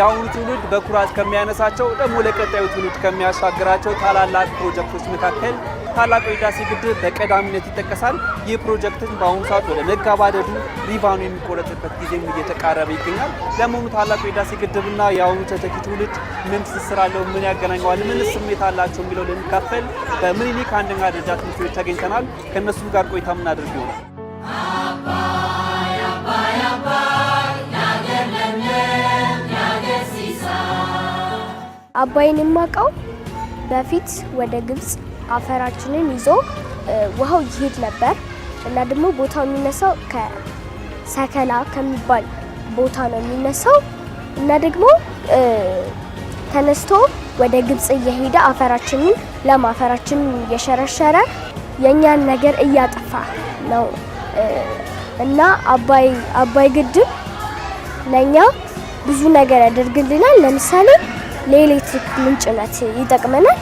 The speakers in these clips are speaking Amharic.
የአሁኑ ትውልድ በኩራት ከሚያነሳቸው ደግሞ ለቀጣዩ ትውልድ ከሚያሻግራቸው ታላላቅ ፕሮጀክቶች መካከል ታላቁ የህዳሴ ግድብ በቀዳሚነት ይጠቀሳል። ይህ ፕሮጀክትን በአሁኑ ሰዓት ወደ መጋባደዱ ሪቫኑ የሚቆረጥበት ጊዜም እየተቃረበ ይገኛል። ለመሆኑ ታላቁ የህዳሴ ግድብና የአሁኑ ተተኪ ትውልድ ምን ትስስር አለው? ምን ያገናኘዋል? ምን ስሜት አላቸው? የሚለው ልንካፈል በምኒልክ አንደኛ ደረጃ ትምህርት ቤት ተገኝተናል። ከእነሱም ጋር ቆይታ ምናደርግ ይሆናል። አባይን የማውቀው በፊት ወደ ግብጽ አፈራችንን ይዞ ውሃው ይሄድ ነበር እና ደግሞ ቦታው የሚነሳው ከሰከላ ከሚባል ቦታ ነው የሚነሳው እና ደግሞ ተነስቶ ወደ ግብጽ እየሄደ አፈራችንን ለማፈራችን አፈራችንን እየሸረሸረ የእኛን ነገር እያጠፋ ነው እና አባይ አባይ ግድብ ለእኛ ብዙ ነገር ያደርግልናል። ለምሳሌ ለኤሌክትሪክ ምንጭነት ይጠቅመናል።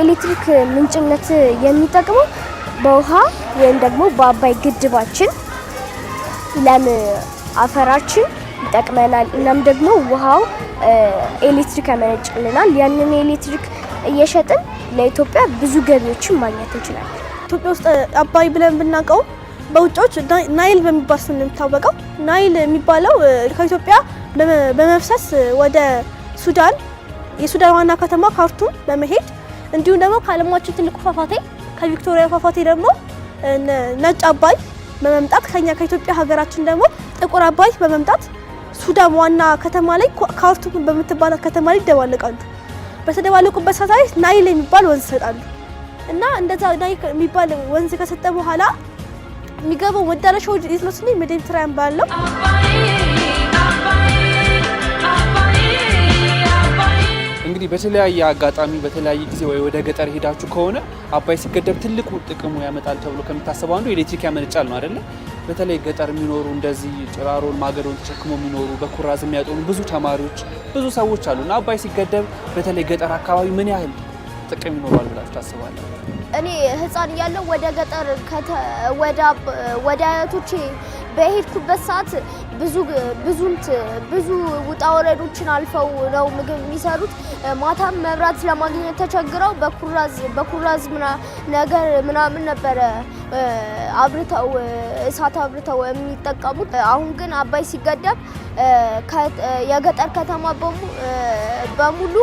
ኤሌክትሪክ ምንጭነት የሚጠቅመው በውሃ ወይም ደግሞ በአባይ ግድባችን ለም አፈራችን ይጠቅመናል። እናም ደግሞ ውሃው ኤሌክትሪክ ያመነጭልናል። ያንን ኤሌክትሪክ እየሸጥን ለኢትዮጵያ ብዙ ገቢዎችን ማግኘት እንችላለን። ኢትዮጵያ ውስጥ አባይ ብለን ብናውቀው በውጮች ናይል በሚባል ስም የሚታወቀው። ናይል የሚባለው ከኢትዮጵያ በመፍሰስ ወደ ሱዳን የሱዳን ዋና ከተማ ካርቱም በመሄድ እንዲሁም ደግሞ ከዓለማችን ትልቁ ፏፏቴ ከቪክቶሪያ ፏፏቴ ደግሞ ነጭ አባይ በመምጣት ከኛ ከኢትዮጵያ ሀገራችን ደግሞ ጥቁር አባይ በመምጣት ሱዳን ዋና ከተማ ላይ ካርቱም በምትባል ከተማ ላይ ይደባለቃሉ። በተደባለቁበት ሰዓት ላይ ናይል የሚባል ወንዝ ይሰጣሉ እና እንደዛ ናይል የሚባል ወንዝ ከሰጠ በኋላ የሚገባው መዳረሻው የት ነው ባለው እንግዲህ በተለያየ አጋጣሚ በተለያየ ጊዜ ወይ ወደ ገጠር ሄዳችሁ ከሆነ አባይ ሲገደብ ትልቁ ጥቅሙ ያመጣል ተብሎ ከሚታሰበው አንዱ ኤሌክትሪክ ያመነጫል ነው አይደለ? በተለይ ገጠር የሚኖሩ እንደዚህ ጭራሮን ማገዶን ተሸክሞ የሚኖሩ በኩራዝ የሚያጠኑ ብዙ ተማሪዎች ብዙ ሰዎች አሉ እና አባይ ሲገደብ በተለይ ገጠር አካባቢ ምን ያህል ጥቅም ይኖራል ብላችሁ ታስባለ? እኔ ህፃን እያለው ወደ ገጠር ወደ አያቶቼ በሄድኩበት ሰዓት ብዙ ብዙ ውጣ ወረዶችን አልፈው ነው ምግብ የሚሰሩት። ማታም መብራት ለማግኘት ተቸግረው በኩራዝ በኩራዝ ነገር ምናምን ነበረ አብርተው እሳት አብርተው የሚጠቀሙት። አሁን ግን አባይ ሲገደብ የገጠር ከተማ በሙሉ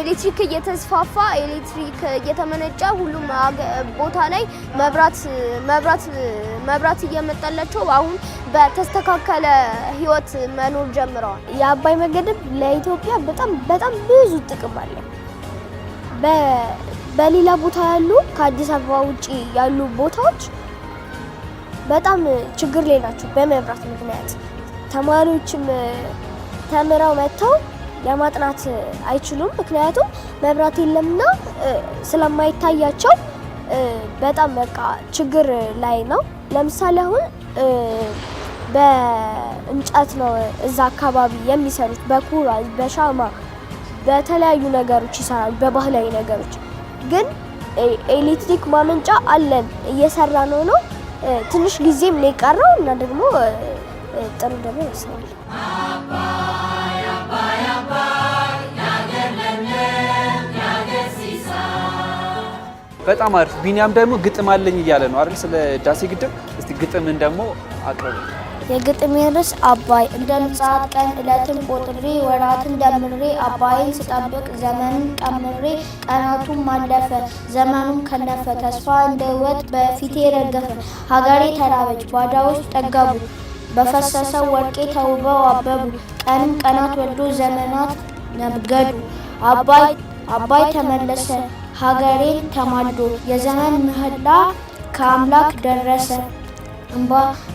ኤሌክትሪክ እየተስፋፋ ኤሌክትሪክ እየተመነጨ ሁሉም ቦታ ላይ መብራት መብራት መብራት እየመጠላቸው አሁን በተስተካከለ ህይወት መኖር ጀምረዋል። የአባይ መገደብ ለኢትዮጵያ በጣም በጣም ብዙ ጥቅም አለው። በሌላ ቦታ ያሉ ከአዲስ አበባ ውጭ ያሉ ቦታዎች በጣም ችግር ላይ ናቸው በመብራት ምክንያት። ተማሪዎችም ተምረው መጥተው ለማጥናት አይችሉም። ምክንያቱም መብራት የለምና ስለማይታያቸው በጣም በቃ ችግር ላይ ነው። ለምሳሌ አሁን በእንጨት ነው እዛ አካባቢ የሚሰሩት፣ በኩራዝ፣ በሻማ፣ በተለያዩ ነገሮች ይሰራሉ። በባህላዊ ነገሮች ግን ኤሌክትሪክ ማመንጫ አለን እየሰራ ነው ነው ትንሽ ጊዜም ነው እና ደግሞ ጥሩ ደግሞ ይመስላል። በጣም አሪፍ። ቢኒያም ደግሞ ግጥም አለኝ እያለ ነው አይደል? ስለ ህዳሴ ግድብ እስቲ ግጥምን ደግሞ አቅርብ። የግጥሜ ርዕስ አባይ እንደ ምጽአት ቀን ዕለትን ቆጥሬ ወራትን ደምሬ አባይን ስጠብቅ ዘመንን ቀምሬ ቀናቱን አለፈ ዘመኑም ከነፈ ተስፋ እንደ ወጥ በፊቴ ረገፈ። ሀገሬ ተራበች ባዳዎች ጠገቡ በፈሰሰው ወርቄ ተውበው አበቡ ቀንም ቀናት ወልዶ ዘመናት ነብገዱ አባይ አባይ ተመለሰ ሀገሬን ተማዶ የዘመን ምህላ ከአምላክ ደረሰ።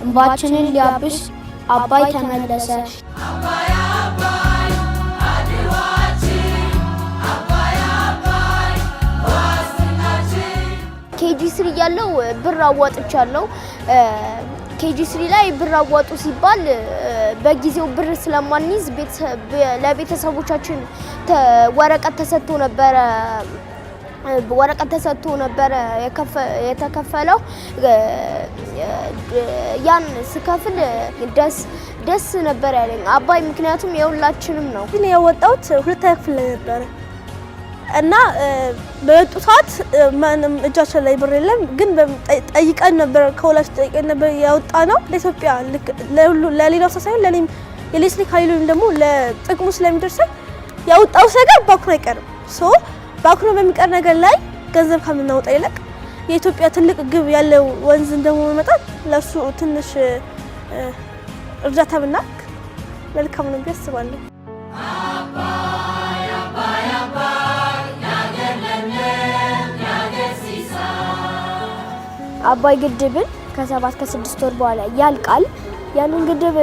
እንባችንን ሊያብስ አባይ ተመለሰ። ኬጂ ስሪ ያለው ብር አዋጥቻለሁ። ኬጂ ስሪ ላይ ብር አዋጡ ሲባል በጊዜው ብር ስለማንይዝ ለቤተሰቦቻችን ወረቀት ተሰጥቶ ነበረ። ወረቀት ተሰጥቶ ነበር የተከፈለው። ያን ስከፍል ደስ ደስ ነበር ያለኝ አባይ፣ ምክንያቱም የሁላችንም ነው። ግን የወጣሁት ሁለተኛ ክፍል ነበረ እና በወጡ ሰዓት ማንም እጃቸው ላይ ብር የለም። ግን ጠይቀን ነበር ከሁላች ጠይቀን ነበር ያወጣ ነው ለኢትዮጵያ ለሌላው ሰው ሳይሆን ለእኔም የሌስሊ ካይሉን ደግሞ ለጥቅሙ ስለሚደርሰን ያወጣው ነገር ባኩን አይቀርም። ሶ በአኩሮ በሚቀር ነገር ላይ ገንዘብ ከምናወጣ ይልቅ የኢትዮጵያ ትልቅ ግብ ያለው ወንዝ እንደመሆኑ መጠን ለእሱ ትንሽ እርዳታ ብናክ መልካም ነው ብዬ አስባለሁ። አባይ ግድብን ከሰባት ከስድስት ወር በኋላ ያልቃል። ያንን ግድብ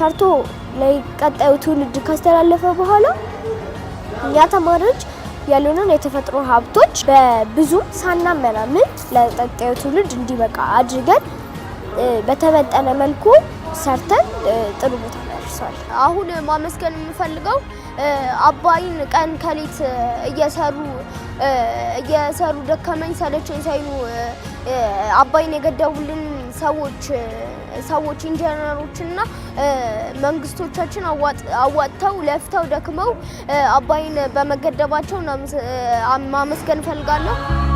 ሰርቶ ለቀጣዩ ትውልድ ካስተላለፈ በኋላ እኛ ተማሪዎች ያሉንን የተፈጥሮ ሀብቶች ሳና ሳናመናምን ለቀጣዩ ትውልድ እንዲበቃ አድርገን በተመጠነ መልኩ ሰርተን ጥሩ ቦታ ደርሷል። አሁን ማመስገን የምፈልገው አባይን ቀን ከሌት እየሰሩ እየሰሩ ደከመኝ ሰለቸኝ ሳይሉ አባይን የገደቡልን ሰዎች ሰዎች ኢንጂነሮችና መንግስቶቻችን አዋጥተው ለፍተው ደክመው አባይን በመገደባቸው ማመስገን እፈልጋለሁ።